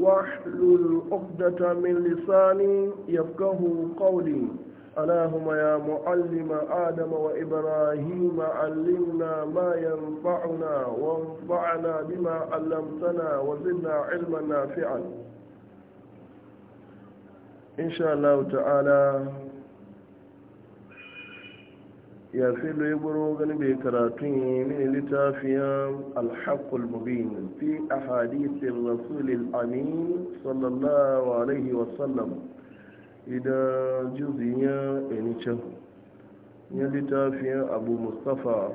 واحلل عقدة من لساني يفقه قولي اللهم يا معلم آدم وإبراهيم علمنا ما ينفعنا وانفعنا بما علمتنا وزدنا علما نافعا إن شاء الله تعالى ya fi leburo gani bai karatun mini littafiyan alhaƙul mubin fi a hadisin rasulil amin sallallahu alaihi wa sallam idan juziya enicin ya littafiyan abu mustapha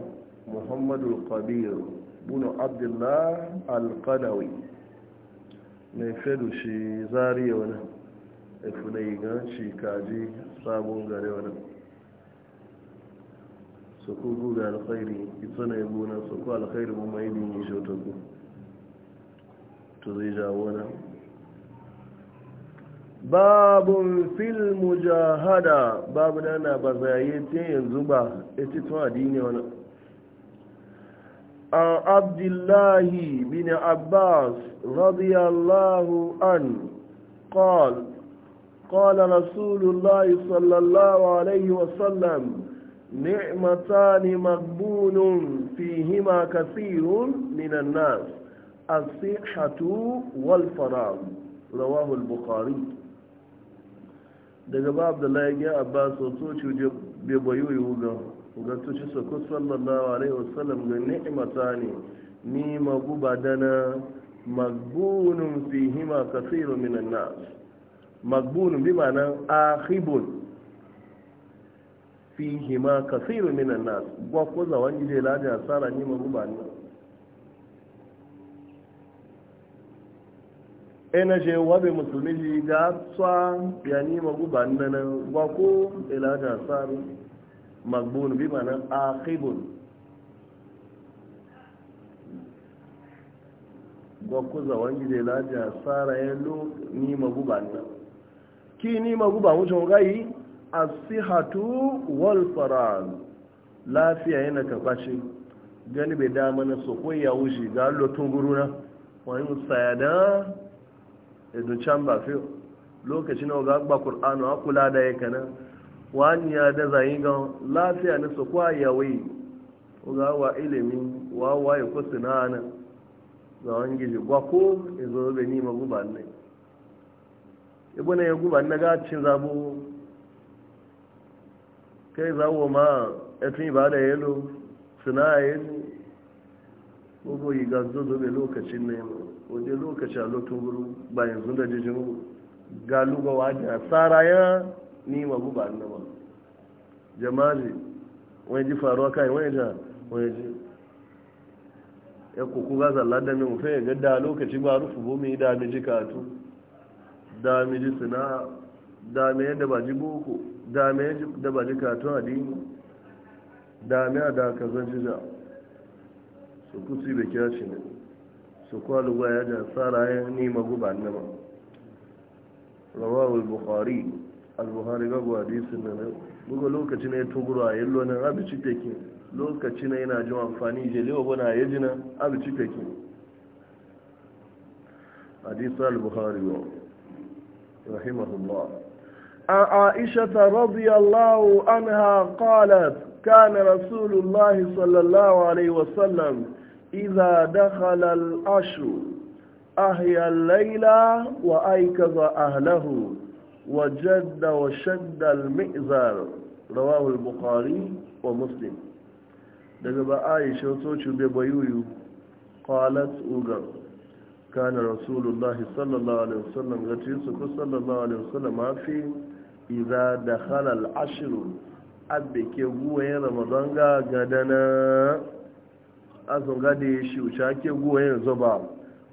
muhammadu kabir bunu abdullah al-qadawi mai fedu shi zariya wani efunai gan shi kaji sabon gare wani su ku guga alkhairi itsuna ya gona su ku alkhairi mu bin yi to zai jawo na babun fil mujahada babu dana na ba zaye ta yanzu ba ita tun adini wani an abdullahi bin abbas radiyallahu an قال قال رسول الله صلى الله عليه وسلم نعمتان مقبول فيهما كثير من الناس الصحة والفراغ رواه البخاري daga ba abdullahi ya abbas so ci bai bayu yi ga gato ci sako sallallahu alaihi wasallam ga ni'imata ne ni maguba dana magbunun fi hima kasiru minan nas magbunun bi ma'anan ahibun fihi ma kasiru minan nas gwa ko za wani je laji asara ni ma guba ni ena je wabe musulmi ji ga tsa ya ni ma guba ni na gwa ko e laji asara magbun bi mana akhibun gwa ko za wani je laji asara ya lo ni ma guba ni ki ni ma guba wucin gayi asihatu wal faran lafiya yana kabashi gani bai dama na so ya wuce ga lotun guruna wani sayada edun can ba fi lokacin na gagba ƙur'anu a kula da ya kana wani ya da zayi ga lafiya na so ya wuce ga wa ilimin wa ya kusa na ga za wani gizi ko ya zo bai nima guba ne ibu na ya guba na gacin zabo kai za wo ma efin ba da yalo suna yin gogo yi ganzo zobe lokacin ne waje lokaci a lokacin guru ba yanzu da jijin galuba wajen tsara ya ni magu ba na ba jamaji wani ji faruwa kai wani ja wani ji ya kuku gaza mu mutum ya gada lokaci ba rufu bomi da miji katu da miji suna da mai yadda ba ji boko dame da ba jika to adini dame da daga zan da su kusi bai kira shi ne su kwaluwa ya da tsara ya nima guba nama rawawul bukhari al-bukhari ga hadisin na buga lokaci tuguro a yin lonin abici teki lokaci na yana jin amfani jelewa bana ya jina abici teki hadisa al-bukhari wa rahimahullah عن عائشة رضي الله عنها قالت كان رسول الله صلى الله عليه وسلم إذا دخل العشر أحيا الليل وأيكظ أهله وجد وشد المئزر رواه البخاري ومسلم دقب عائشة وتوشي ببيويو قالت أوغر كان رسول الله صلى الله عليه وسلم غتيسك صلى الله عليه وسلم في iza da halal ashirin abbe ke guwayen ramadan ga gadana azun ya shi wuce ake guwayen zuba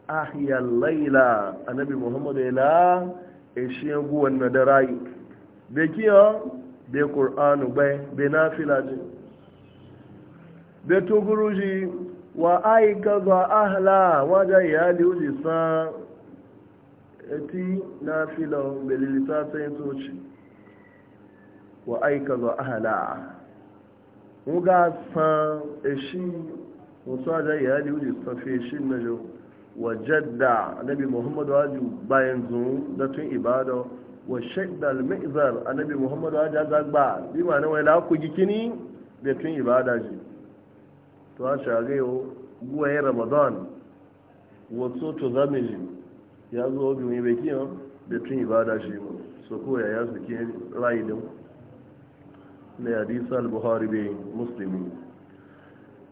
ahiyar laila annabi muhammadu ila ishiyan guwan na da rayu da kiyo da ƙor'anu bai da na filaji da tuguruji wa aika zuwa ahla wajen iyali uji san eti na filon belilita sayin toci wa aika zo ahala ga san eshi musu aja iyali wuli safi eshi na jo wa jadda anabi muhammadu aju bayan zuwa da tun ibada wa shaidal mizar anabi muhammadu aju zagba bi ma na wai laku gikini da tun ibada ji to a shagayo guwaye ramadan wasu to ji ya zo bi mai bekiyan da tun ibada shi mu so ko ya yi ke rayu da mu لحديث البخاري بمسلم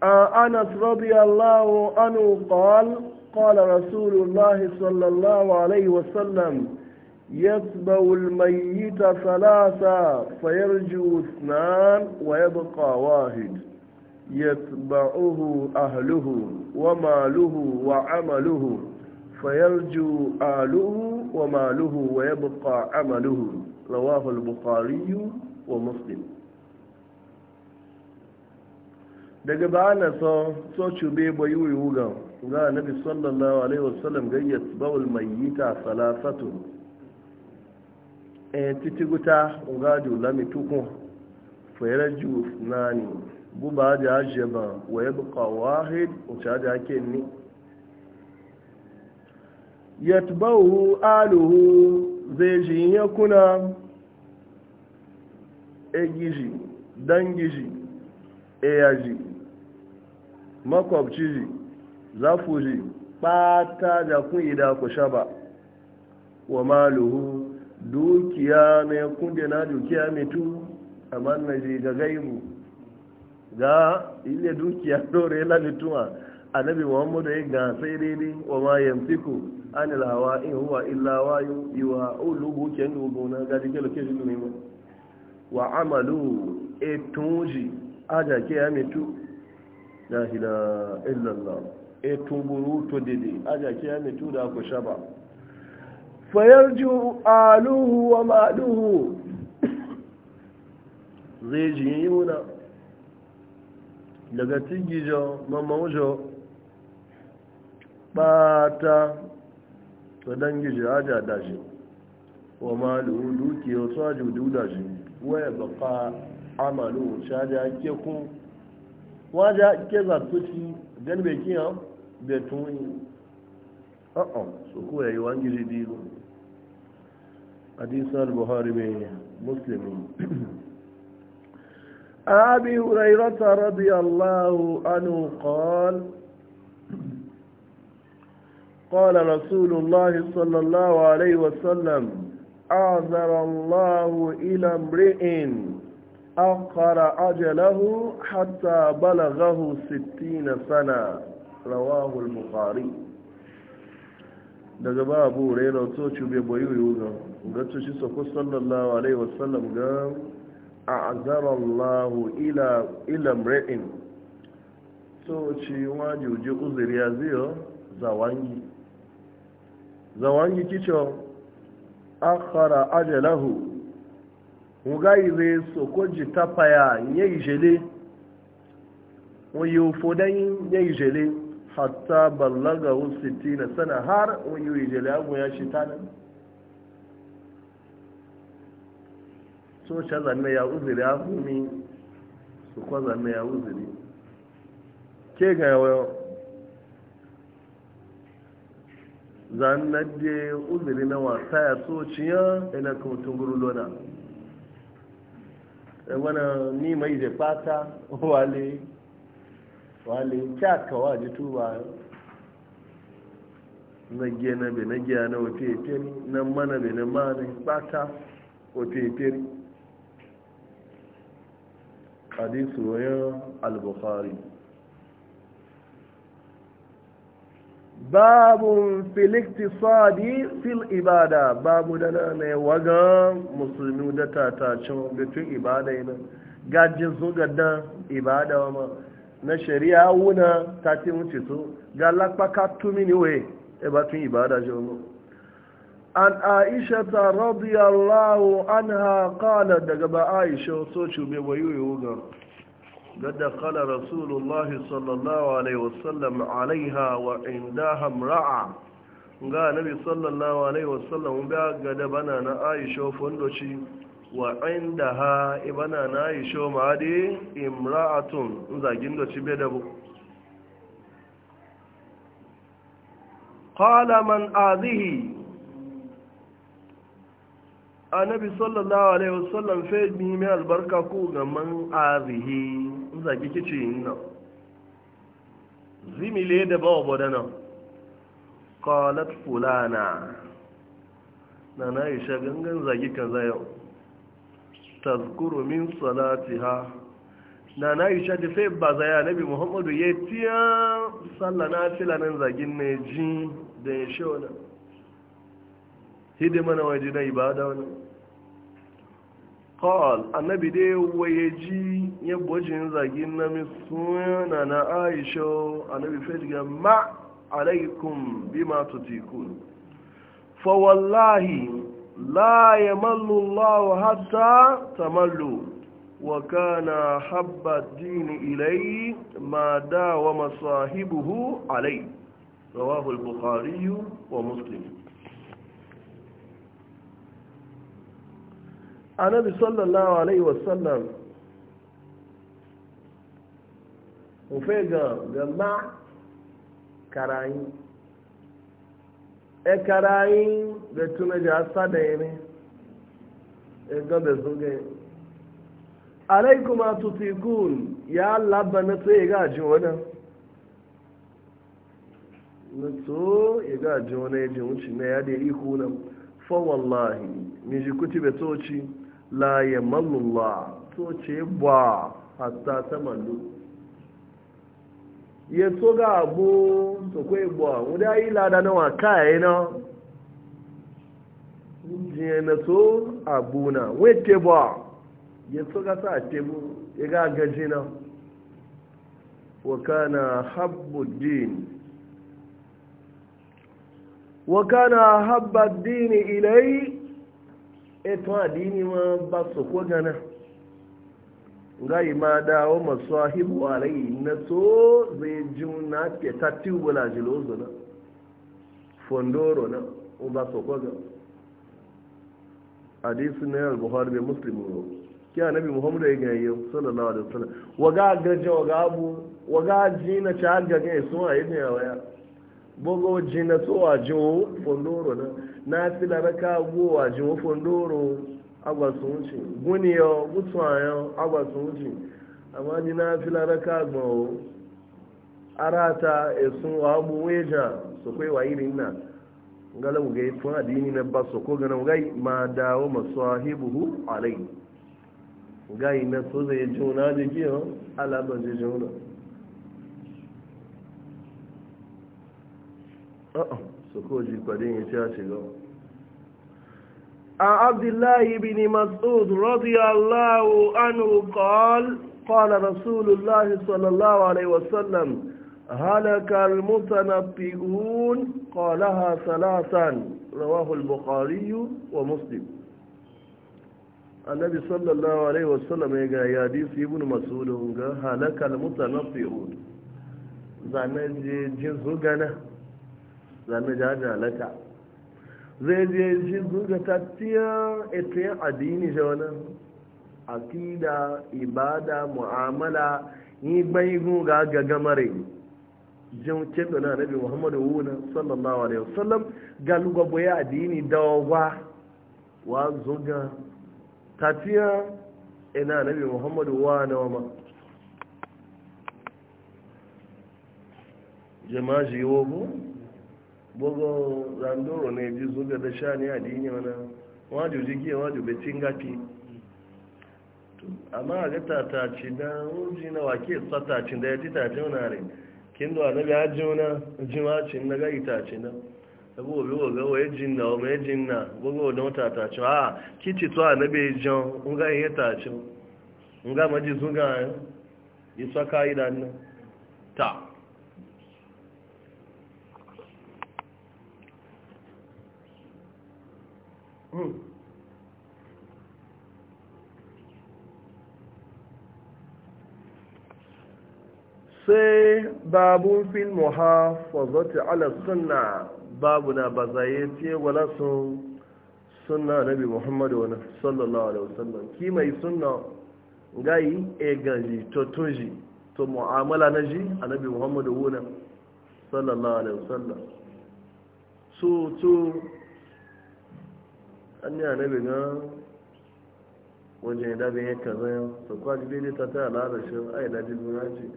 آه، أنس رضي الله عنه قال قال رسول الله صلى الله عليه وسلم يتبع الميت ثلاثة فيرجو اثنان ويبقى واحد يتبعه أهله وماله وعمله فيرجو أهله وماله ويبقى عمله رواه البخاري ومسلم daga ba na so so cube ba yi wuyu ga ga nabi sallallahu alaihi wasallam gayyat bawul mayyita salasatu e titiguta ga du lami tuku fere ju nani ba da jaba wa yabqa wahid uta da kenni yatbahu aluhu zeji e ji e yakuna egiji dangiji eyaji makwabci ji zafu ji ɓata da kun ida ku shaba wa maluhu dukiya mai kunde na dukiya mai tu amma na ji ga gaibu ga ile dukiya dore la mituwa annabi muhammadu ya ga sai daidai wa ma yamsiku an lawa in huwa illa wayu yuwa ulubu ken dubu na ga dike loke shi ne wa amalu etunji aja ke ya mitu la ilaha illallah e tunguru to dede aja ke ya mitu da ku shaba fayarju aluhu wa maluhu zai ji yuna daga tigijo mamaujo bata to dangijo aja dashi wa maluhu duki su aji duda shi waya baka amalu shaja ke kun wọ́n já kéza tó ti gẹ́nu bẹ̀ kí hàn bẹ̀ tún yìí ọ̀hún sókú ẹ̀ yìí wá ń gírí bí irú hadisan buhari bẹ̀ muslim abi hurairata radiyallahu anhu qal قال رسول الله صلى الله عليه وسلم أعذر الله إلى امرئ أقر أجله حتى بلغه ستين سنة رواه البخاري daga ba abu raina to cube bayu yuga ga tushi sako sallallahu alaihi wasallam ga a'zarallahu ila ila mra'in to ci wajuji uzuri ya ziyo zawangi zawangi kicho akhara ajalahu ngaive sokoji tapa ya nyeijele wayo fodan jele. hatta ballaga na sana har wayo ijele abu ya shitana so cha zanne ya uzuri afumi su kwa zanne ya uzuri ke ga yawo zanne de uzuri na wasa ya so ciya ina ko tunguru lona wana ni mai zai fata wale wale kyakawa ji tuba na giya na na giya na wafe feri na mana be na mana fata wafe feri hadisu wayan al-bukhari babun filikti sadi fil ibada babu da na ne waga musulmi da tatacin bitin ibada yana gajin zuga da ibada ma na shari'a wuna ta ti wuce su. ga lakpaka tumini we e batun ibada je mu an aisha ta radiyallahu an qala daga ba aisha so shube wayoyo ga قد دخل رسول الله صلى الله عليه وسلم عليها وعندها امرأة ga nabi sallallahu alaihi wasallam ba ga da bana na aisho fondoci wa inda ha ibana na aisho ma de imra'atun zagin doci be da man azihi annabi sallallahu alaihi wasallam fe mi mai albarka ku ga zagi kici yin nan zimile da bawa nan. kalat fulana na na isha gangan zagi kaza yau tazkuru min ha. na na isha da sai ba zaya nabi muhammadu ya tiya sallah na zagin ne jin da ya shi wani hidima na waje na ibada wani قال النبي دي ويجي يبوجين زاجين نمي سوينا انا عايشة النبي فجأة ما عليكم بما تتيكون فوالله لا يمل الله حتى تملوا وكان حب الدين إليه ما داوم صاحبه عليه رواه البخاري ومسلم annabi sallallahu alaihi wasallam ofe ga gama karayin e karayin da tuna ji asa da yi ne e gaba zuga atutu ikun, ya labba na tsaye ga ji wani na to ya ga ji wani ya ji wuce na ya da iko na. fa wallahi mi ji kuti betoci la ya mallula to ce ba hatta ta mallu ya so ga abu to kwai ba wuda yi lada na wa kai na jiye na so abu na wete ba ya so ga sa tebu ya ga gaji na wakana habbuddin wakana habbuddin ilai eto adini ma ba su ko gana gai ma dawo masu ahibu a na so zai ji na ke ta tubula jilozo na fondoro na o ba su ko gana hadisi na yal buhari bai muslimu ro ki anabi muhammadu e ya gani yau sallallahu alaihi wasallam ga gaje waga abu ga ji na ci har gaje sun a yi ne waya bogo ji na so a ji fondoro na na fila raka gowa jin wufin doro agwa sun wuce guniyo gutsuwayo agwa sun wuce amma ni na fila raka gbawo arata esun wa abu weja su kwai wa irin na ngala mu gai tun adini na ba su ko gana mu gai ma dawo masahibuhu alai gai na so zai juna da ya alaba zai juna uh -oh. sokoji kwadin ya ce ya shiga a abdullahi bin Mas'ud radiyallahu anhu qal qala rasulullahi sallallahu halakar wasallam halaka almutanabbiun qalaha salatan rawahu wa muslim annabi sallallahu alaihi wasallam ya ga hadisi ibn masud ga halaka almutanabbiun zanan je jin zugana zane jaja laka zai je ji zuga tattiyar etiyan addini shi wani akida ibada mu'amala yi bai guga ga gamare jin kebe na nabi muhammadu wuna sallallahu alaihi wasallam ga lugwabo ya addini dawa wa zuga tafiya. ina nabi muhammadu wa na wama jama'a shi yi gbogbo randoro na eji zuga be shani adini wana waju jikia waju betinga ki amma ga tataci na wa na wake tsataci da ya ji tace wani are kin da annabi hajji wani jimaci na ga itace na abu obi oga wa ejin na ome ejin na gogo na wata a kici to annabi jan nga ihe tace nga maji zuga yi saka idan ta Hmm. sai babun fil muhafazati ala sunna babu na bazaye ce wala sun sunna nabi muhammadu wani sallallahu alaihi wasallam ki mai sunna gai e ganji to tunji to mu'amala na ji a nabi muhammadu wani sallallahu alaihi wasallam su tu an yi anabi ga wajen dabin ya kaza yau su kwaji daidai ta ta al'ada shi a yi daji biyu ya ce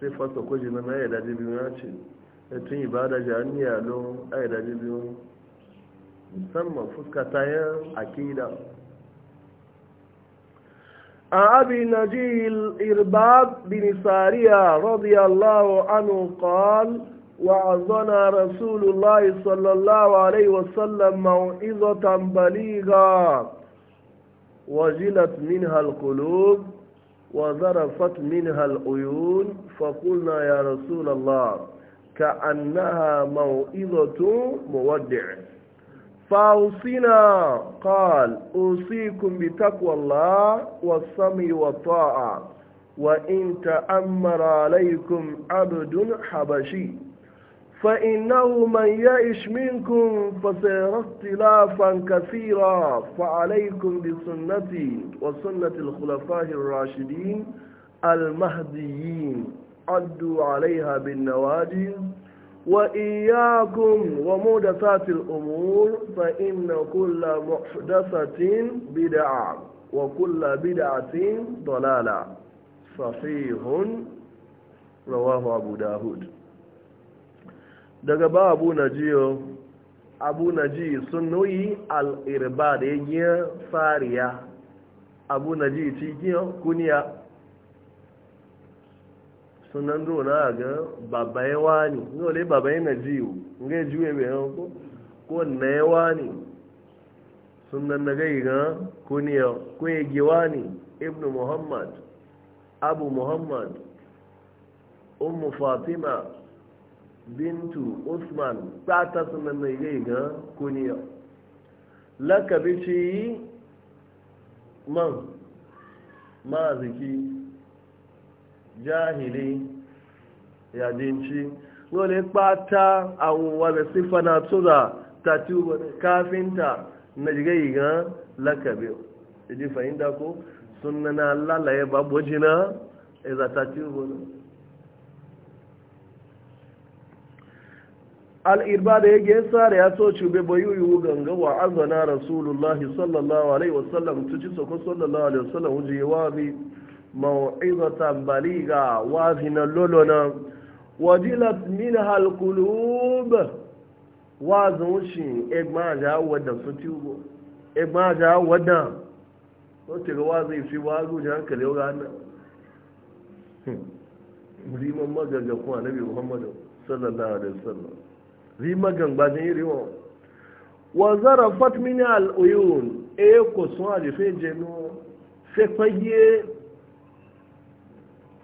sai fasa kwaji na na yi daji biyu ya ce ya tun yi ba da ji an yi alo a yi daji biyu musamman fuska ta yin akida A abi na ji بن سارية رضي الله عنه قال وعظنا رسول الله صلى الله عليه وسلم موعظة بليغة وجلت منها القلوب وذرفت منها العيون فقلنا يا رسول الله كأنها موعظة مودع فأوصينا قال أوصيكم بتقوى الله والسمع والطاعة وإن تأمر عليكم عبد حبشي فإنه من يعش منكم فسيرى اختلافا كثيرا فعليكم بسنتي وسنة الخلفاء الراشدين المهديين عدوا عليها بالنواجذ وإياكم ومحدثات الأمور فإن كل محدثة بدعة وكل بدعة ضلالة صحيح رواه أبو داود daga ba abu na jiyo abu na ji sun nuyi al'irba da ya fariya abu na ji cikin kuniya sunan dona ga babbaye wani nole babbaye na jiyo nga juye mai hanko ko na ya wani sunan na gai ga kuniya ko ya giwa ne ibn muhammad abu muhammad ummu fatima bintu usman ta sunan mai gai ga kuniya lakabi ce yi man maziki jahili yadinci lole pata awon wabe sifa na tura tatu kafinta na gai ga lakabi ji fahimta ko sunana lalaye babojina ezatatu wani al'irba da ya gesa da ya so cube bayuyu ganga wa azana rasulullahi sallallahu alaihi wasallam tu ci sako sallallahu alaihi wasallam wuje ya wazi ma'izatan baliga wazi na lolona wajilat min halkulub wazin wuce egma ja wadda su ti ugo egma ja wadda so ti ga wazi fi wazu hankali hm. riman muhammadu sallallahu alaihi wasallam zai magangba zai yi riwa wa zara fatmini al'uyun e ko sun alife jenu fe fage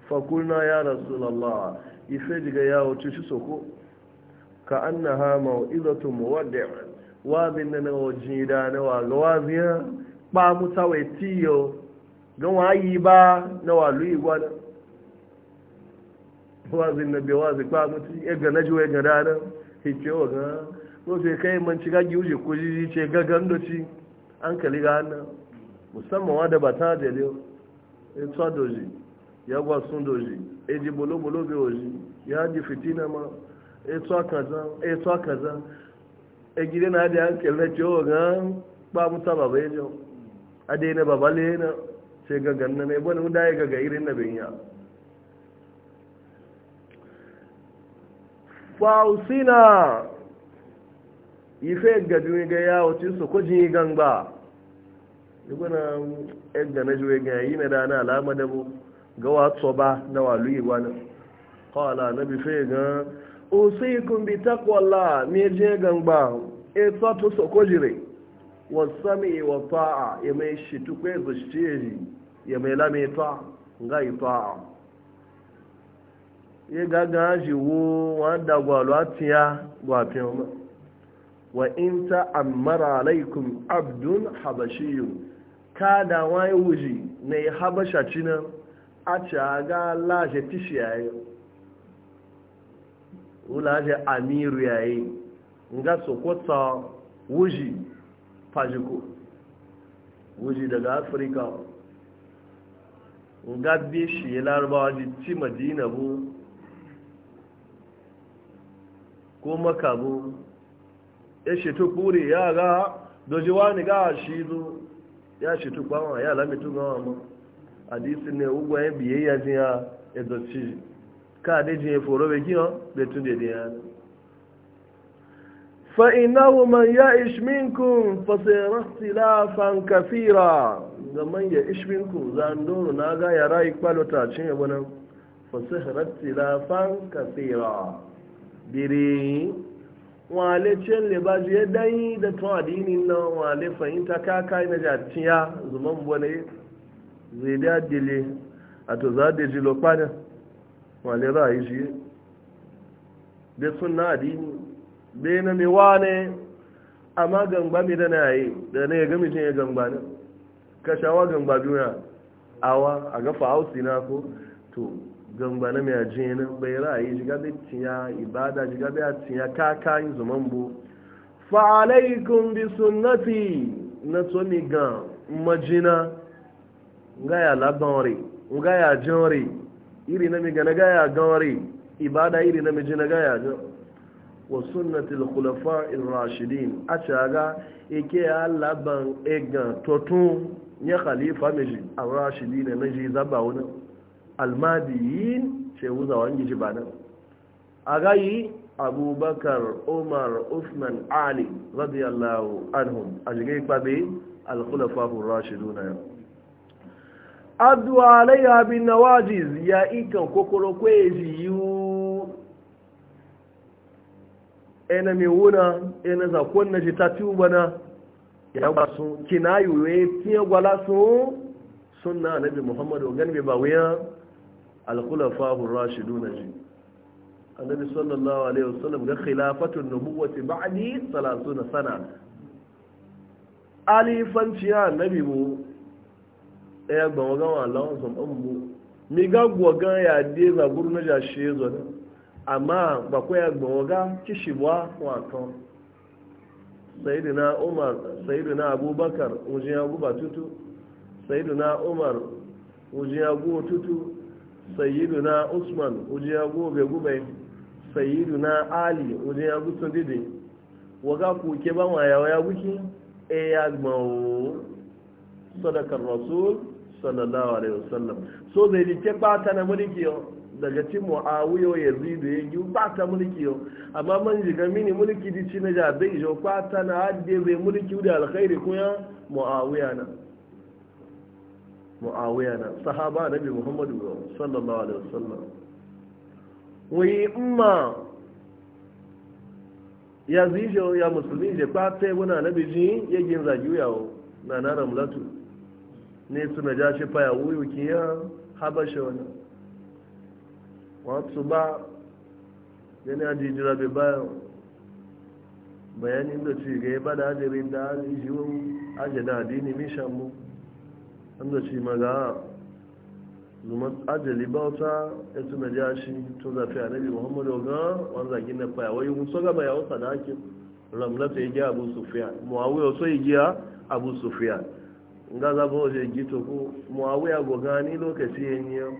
fakulna ya rasulallah ife diga ya wuce shi soko ka an na ha ma'izatun muwadda wazin na wajen da na waga waziya ba mu tawai tiyo gan wayi ba na walu igwana wazin na biya wazi ba mu tiyo ya ga najuwa ya ga ranar hike wa ga rufe kai man ci gagi wuce ko jiji ce gagan doci an kali ga hannun musamman wadda ba ta jale ya tsa doji ya gwa sun doji ya ji bolo-bolo bai waje ya ji fitina ma ya tsa kaza ya gida na da ankele na cewa ga ba mutu baba bai jau a daina babale na ce gagan na ne wani da ya gaga irin na benya fausina ife gadu ga ya wace su ko jin gangba dukuna yadda um, na juwe ga yi na dana alama da bu ga wato ba na walu yi na kawala na bife ga usikun bi takwalla me je gangba e sato su ko jire wasami wa ta'a ya mai shi tukwe zuci e ya mai lame ta'a ga yi ta'a ye gaga ji wo wanda gwalwatiya gwafin wa wa inta amara ammara alaikum abdun habashiyu da wani wuji na yi habasha cinan a ci ga laje tishi yayi wulaje amiru yayi nga sokota wuji fajiko wuji daga afirka nga bi shi larabawa ji ti madina bu ko makabu ya ce to kure ya ga doji wani ga shi zo ya ce to kwa ya la mi to ga mu hadisi ne ugo biye ya ji ya edo ka de ji e foro be gion de tun de de an fa innahu man ya'ish minkum fa sayara ikhtilafan kathira zaman ya ish minkum zaa do na ga ya rai kwalota cin yabonan fa sayara ikhtilafan kathira biri wale cin libaji ya e danyi da tun adinin nan wale fahimta kaka na jatiya zuman bane zai da dile a to za da ji lokpanin wale ra'ayi shi e. da suna adini bai na mai wane amma gangba mai da e, na yi da na ya gami jin ya gangba ne kashawa gangba biyu na awa a gafa hausi na ko to gangba na mai ajiye nan bayra yi shiga bai tiya ibada shiga bai tiya kaka yi zuman bu fa alaikum bi sunnati na tsoni ga majina ga ya labanri ga ya jinri iri na mi ga na ga ya ganri ibada iri na mi jina ga ya jinri wa sunnati lukulafa irashidin a caga ike ya laban egan totun ya khalifa mai a rashidin e na ji zaba wani almadiyin ce wuzawan gishi ba nan a gayi abubakar umar usman ali radiyallahu anhum a jigai kwabe alkhulafahun rashidu na yau addu alayya bin nawajiz ya ikan kokoro kweji yi. ena mi wuna ena zakon na jita tubana ya wasu kina yiwu ya tiye gwala sun sunna nabi muhammadu ganbe ba wuyan Rashidu rashidun ji annabi sallallahu alaihi wasallam ga khilafatun nubuwati ba'di 30 sana alifanciya annabi mu ɗaya gbawa gama Allahun sam'an mu mi ga gwaga ya de za guru na jashe zo ne amma ba ko ya gbawa ga kishi ba wato sayyidina Umar sayyidina Abubakar ujin ya guba tutu sayyidina Umar ujin ya tutu sayyiduna usman ujiya gobe gube sayyiduna ali ya gutsun dide waga kuke ba ma yawa ya guki e ya gbawo sadakar rasul sallallahu alaihi wasallam so zai rike bata na mulki yau daga ci mu'awiyo ya zido ya yi bata mulki yau amma man jiga mini mulki di ci na jabe ijo bata na hadde zai mulki da alkhairi kuma mu'awiya na mu'awiya na sahaba nabi muhammadu sallallahu alaihi wasallam wai ma ya zijo ya musulmi je kwata wuna na ji ya gin zagi yawo na nara mulatu. ne su na ja shi faya wuyu kiya habasha wani wasu ba yana ya jijira bai bayan bayanin da ci ga ya bada ajirin da ajiyin ajiyar adini mishan mu an da shi maga zuma ajali bauta ya tuna ja shi tun zafi a nabi muhammadu ga wani zagin na faya wai musu gaba ya da hakim ramlata ya giya abu sufiya muawiya so ya abu sufiya nga zaba waje gito ko muawiya gogani lokaci ya niyo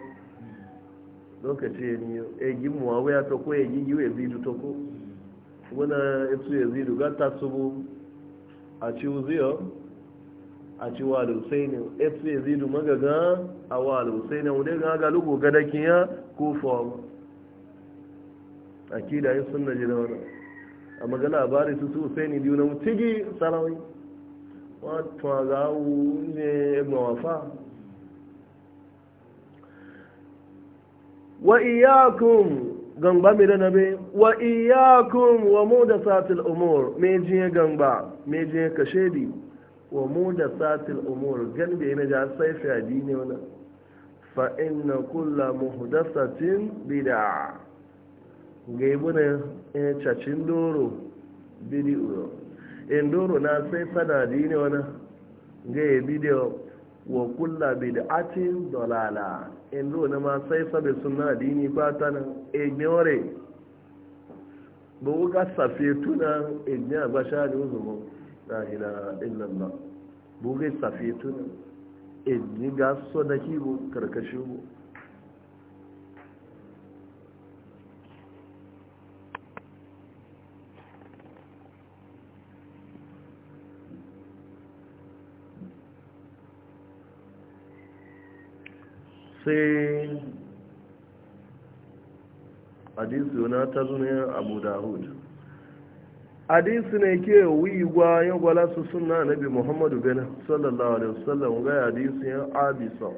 lokaci ya niyo ya e gi muawiya to ko ya e gi giwe zidu to ko wani ya tu ya zidu ga tasubu a ci a ci wa lusainin efe zidu magaga a wa lusainin wadda ga ga lugu gada kiya ko fawon a kida yin suna ji da wani a a bari su su saini biyu na mutigi sarawai wata ga ne mawafa wa iyakun gangba mai da nabe wa iyakun wa mu da satil umur mai jiye gangba mai jiye kashedi wa mu da satil umur gan da yana ja sai fi addini wannan fa inna kullu muhdathatin bid'a ga ibuna e cacin doro bidiyo. in doro na sai fada addini wannan ga bidiyo. wa kullu bid'atin dalala in doro na ma sai fa be sunna addini ba ta nan ignore ba wuka safe tunan igniya ba sha ne uzumu la ila illallah bugai safiya tun inni eh, ga so na kibo karkashin mu sai hadisi na ta zuniyar abu dahud hadisi ne ke wiwa yin gwala su suna nabi muhammadu bin sallallahu alaihi wasallam ga hadisi ya abisa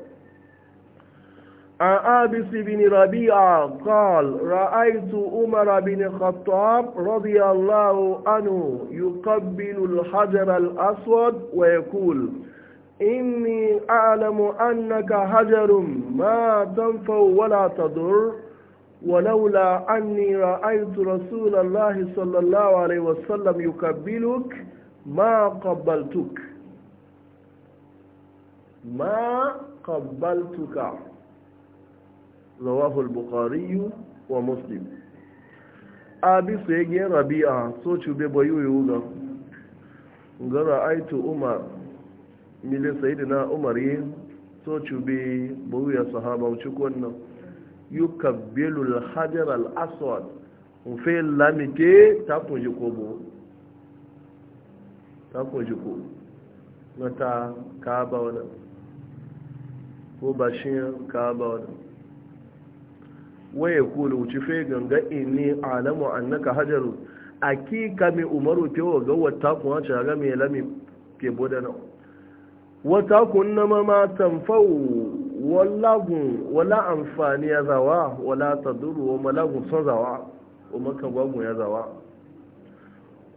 بن ربيع قال رأيت أمر بن الخطاب رضي الله عنه يقبل الحجر الأسود ويقول إني أعلم أنك حجر ما تنفع ولا تضر ولولا أني رأيت رسول الله صلى الله عليه وسلم يقبلك ما قبلتك ما قبلتك رواه البخاري ومسلم abi su yage rabi'a so cube bayu yuga ga ra'aitu umar mili sayidina umar yi so cube bayu ya sahaba cikin yukabbilu al-hajar al-aswad un fe lamike ta kunji kobo ta ko mata kaaba wala ko bashin kaaba wala waye kulu ci fe ganga inni alamu annaka hajaru akika mi umaru te wa ga wata kun ta ga me lami ke bodana wata kun nama ma tanfau wallagun wala amfani ya zawa wala ta duru wa malagun son zawa wa makagwagun ya zawa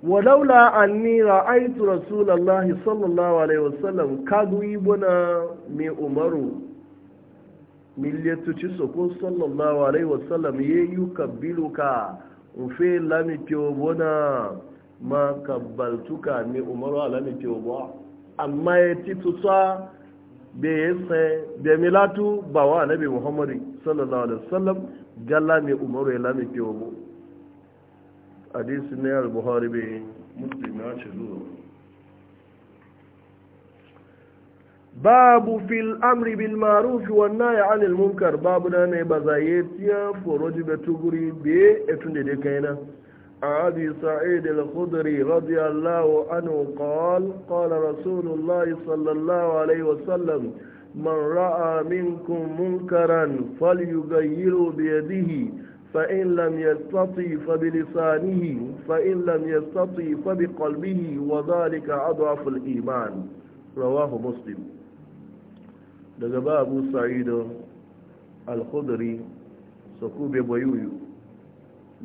walaula anni ra'aitu rasulallah, sallallahu alaihi wasallam kagu ibuna mai umaru milliyatuci soko sallallahu alaihi wasallam ya yi kabiluka nfe lamitiyo bona ma kabbaltuka mai umaru a lamike ba amma ya tituta da milatu ba wa nabi muhammadu sallallahu alaihi wasallam galla mai umaru ya lami kewa bu hadisi na yar buhari bai muslim ya ce zuwa babu fil amri bil ma'ruf Wannan ya anil munkar babu da ne bazaye tiya foroji da tuguri be etun da dai kaina أبي سعيد الخدري رضي الله عنه قال قال رسول الله صلى الله عليه وسلم من رأى منكم منكرا فليغيره بيده فإن لم يستطع فبلسانه فإن لم يستطع فبقلبه وذلك أضعف الإيمان رواه مسلم daga babu sa'ido al-khudri saku be bayuyu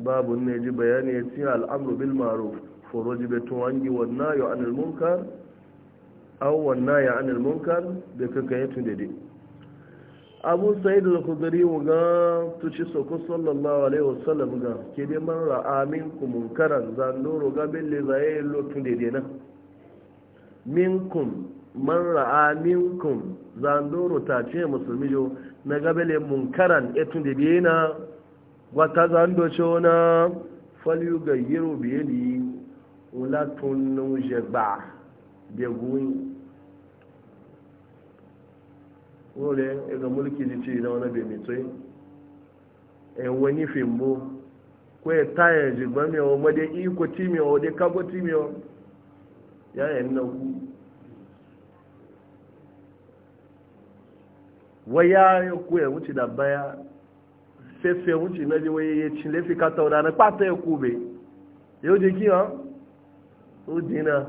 babu ne ji bayani ya ce al'amru bil maruf foro ji bai tun wangi wanna ya anil munkar an wanna ya anil munkar da kankan ya tun daidai abu sa'id al-khudri ga tuci soko sallallahu alaihi wasallam ga ke dai man ra'a minkum munkaran zandoro ga bille zaye tun daidai na minkum man ra'a minkum zandoro ta ce musulmi jo na gabele munkaran etun da biye na wata zando ce wani faliyu ga yiro biyeli wulatun nuje ba begun wole ga mulki lice na wani bemitoi e wani fimbo ko ya taya jigba mai wa made iko timi wa wade kago timi wa ya yi na ku waya ya kuwa wuce da baya fefe wuce na ji waye ya cin laifi ka taura na kwata ya kube yau jiki ha o jina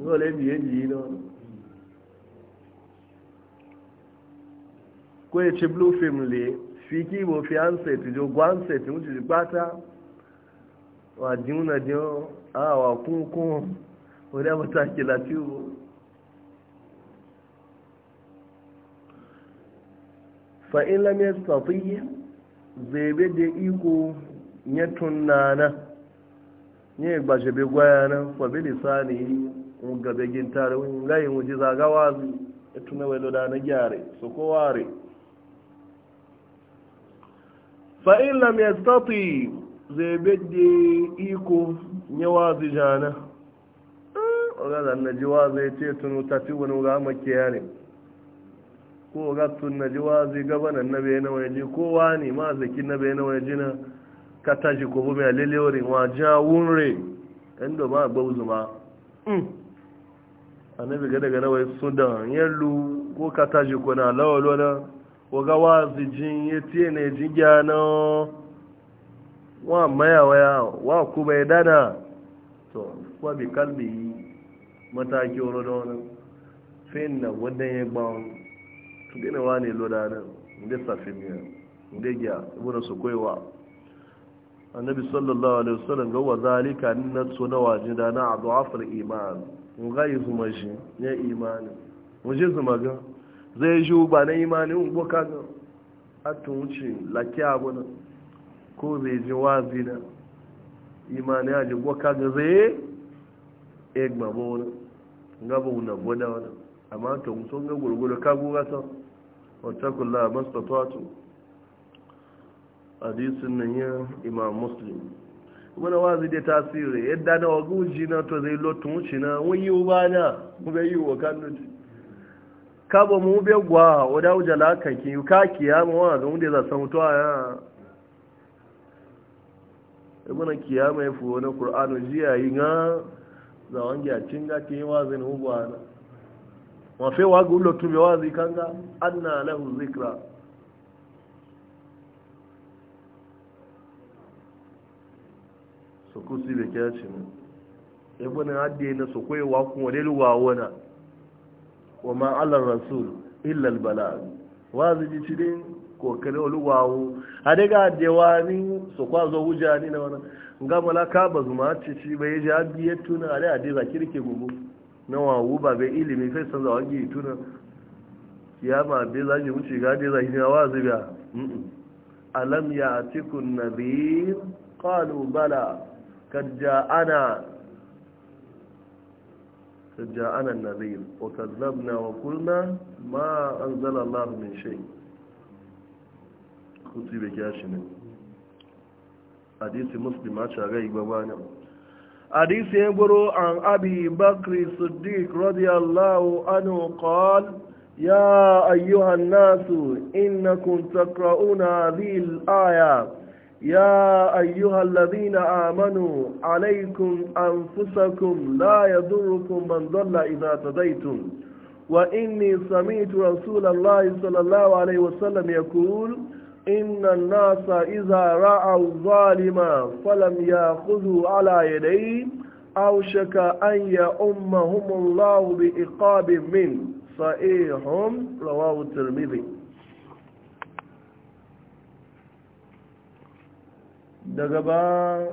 ngo le biye ji no ko ya ci blue film le fi ki bo fi anseti jo gwanseti wuce ji kwata wa jiuna jo a wa kunkun wadda mataki latiwo fa'in lam yastati bebe da iko ya tunana ya gbashebe gwayana kwabe lisani gabe gintare ngayi wuji zagawa ya tuna welo da na gyare su koware fa'in lam ya stati zebe da iko ya wazi jana ƙwararren ah, na ji wazi ya ce tunu tafi wani ga makiya ne ko ga na ji wazi gabana na bai na waje kowa ne ma zaki na bai na waje na ka tashi ko bume a lelewari wa ja wunre yan da ma gbau zuma gada gada daga su sudan yallu ko ka tashi ko na lawalo na ko ga wazi jin ya tiye na ji gyana wa maya waya wa kuma ya dana to kuma bi kalbi mataki wani da fin na wadda ya gba ndị na wani loda nan ndị safin ya ndị gya ibuna su kwaiwa annabi sallallahu alaihi wasallam ga wazalika na so na waje da na adu'afar iman mun ga yi zuma shi ya imani mun je zuma ga zai ji ba na imani mun boka ga atun wuce lakiya abuna ko zai ji wazi na imani ya ji boka ga zai egba bona ngaba una boda wana amma to mun so ga gurguru ka guga sau واتقوا الله ما استطعتم حديث Imam إمام مسلم wani wazi da tasiri yadda na waguji na to zai lotun wuce na wun yi uba na mube yi kan kanuci ka ba mu be gwa wadda wuce lakakin ka kiyama wa ga wunde za san mutuwa ya ibina kiyama ya fi wani ƙur'anu jiya yi na zawon gyacin gake yi wazin ubuwa na Wafe wa ga ulo tumi wa zikanga anna lahu zikra so kusi be kya ci ne e bona adde na so koy wa ku wadelu wa wona wa ma ala rasul illa al balagh wa ziji ci din ko kare olu wa wu adega ni so kwa zo wujani na wana ngamala ka bazuma ci ci bai jabi yetuna ale ade za kirke gugu na wawu ba bai ilimi sai san zawon gi tuna kiyama bai za ki wuce gade za ki wa zuba alam ya atikun nadhir qalu bala kad ja'ana kad ja'ana nadhir wa kadzabna wa qulna ma an anzala Allah min shay kutibe kyashi ne hadisi muslim a shaga igbabanin حديث يقول عن أبي بكر الصديق رضي الله عنه قال يا أيها الناس إنكم تقرؤون هذه الآية يا أيها الذين آمنوا عليكم أنفسكم لا يضركم من ضل إذا تديتم وإني سمعت رسول الله صلى الله عليه وسلم يقول inna nasa iza ra'au zalima falam kudu ala yadayi aw shaka an ya ummahumullahu bi iqabin min sa'ihum rawahu tirmidhi daga ba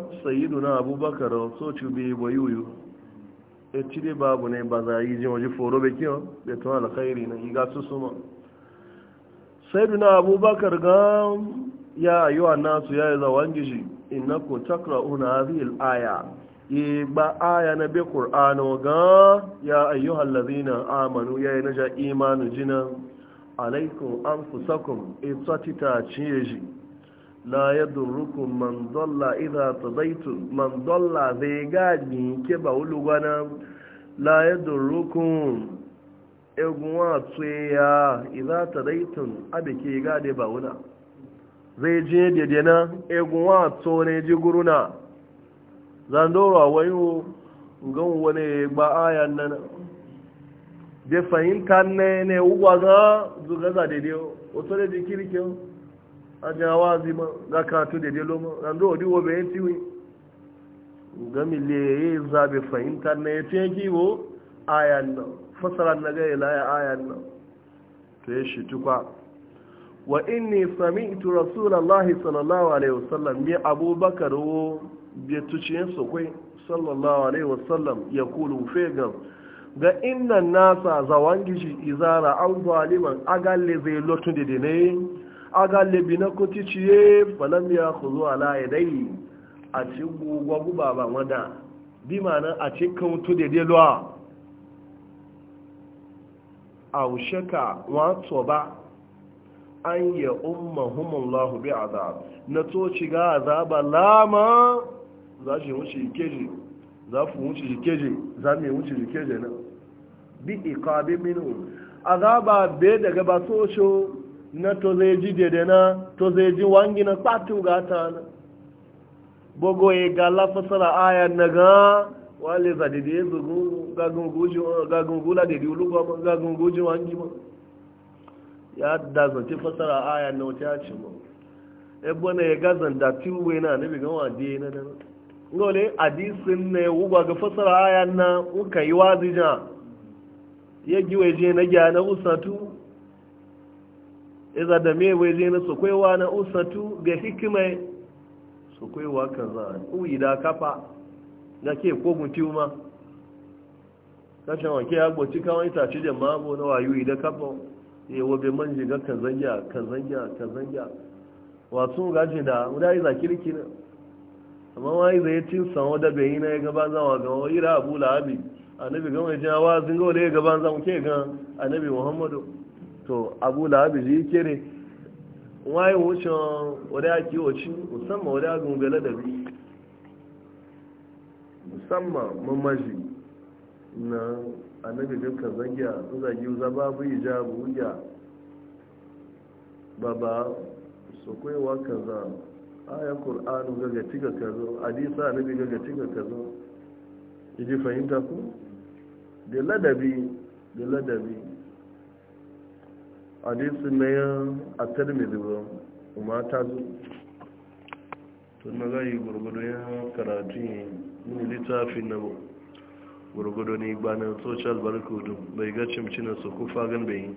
na abubakar so ci bi wayuyu e ci babu ne ba za yi jin waje foro be kiyo be na yi ga sayyiduna abubakar ga ya ayyuha nasu ya zawan gishi ku taqra'una hadhihi al-aya ba aya na bi qur'ano ga ya ayyuhal ladhina amanu ya naja imanu jina alaikum anfusakum itatita ciyeji la yadurrukum man dalla idha ta zaitu dalla zai gadi ke ba ulugana la yadurrukum egunwa tsoya iza ta daitun abike gade ba wuna zai je dede na egunwa tso ne ji guruna zandora a wayo gan wani gba ayan nan da fahimta ne ne ugwa za zuga za dede wato da jikirkin a jawa zima ga katu dede loma zandoro diwo bayan tiwi gami le zabe fahimta ne ya ce kiwo ayan nan fasara na gaya laya ayan nan to ya shi tukwa wa inni sami'tu rasulullahi sallallahu alaihi wasallam bi abubakar wo bi tuciyin su kai sallallahu alaihi wasallam ya kulu fegan ga inna nasa zawangiji izara an zaliman agalle zai lotun da ne agalle bi na kuti ciye falam ya khuzu ala yadai a cikin gugu baba wada bi ma'ana a cikin kuntu de da dai aushaka wato ba an yi ummahum Allah bi azab na to ci ga azaba lama za shi wuce keji za fu wuce keji za me wuce keje na bi iqabi minhum azaba be daga ba so na to zai ji dede na to zai ji wangi na patu gata na bogo ga lafasara aya na ga wale za dede yezu gagungu la dede olugo ma gagungu ji ya da zan ti fasara aya na wata ci ma na ya gazan da ti uwe na ne bi gan wa de na da ngole hadisin ne wuba ga fasara aya na uka yi wazi ja ya gi weje na gya na usatu iza e da me weje na su na usatu ga hikima su kwaiwa kaza uyi da kafa ga ke kogun tiwu ma kashin wanke ya gboci kawai itace da mabo na wayoyi da kafa ya eh, wabe man jiga kan zangya kan zangya kan wasu gaji da wuda zakirki ne amma wani zai cin sanwa da yi na ya gaban zawa ga wani ra abu annabi da ya gaban zawa ke gan annabi muhammadu to abu lahabi ji wucin musamman Sama mamaji na annabi dukkan zagiya zagi za ja bu ya ba, su kwaiwa kaza ayan ƙur'anu ga gatiga kazo hadisa annabi ga gatiga kazo idi fahimta ku da ladabi da ladabi hadisi na yi a tarmidi ba umar ta zo tun na zai gurgudu ya karatu yin ni littafin na gurgudu ne gbanin social barcode bai ga cimcinan su kufa gan bai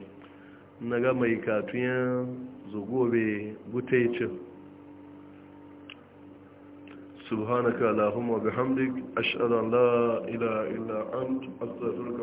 na ga mai katuyan zugobe buteicin subhanaka allahumma bihamdik ashhadu an la ilaha illa anta astaghfiruka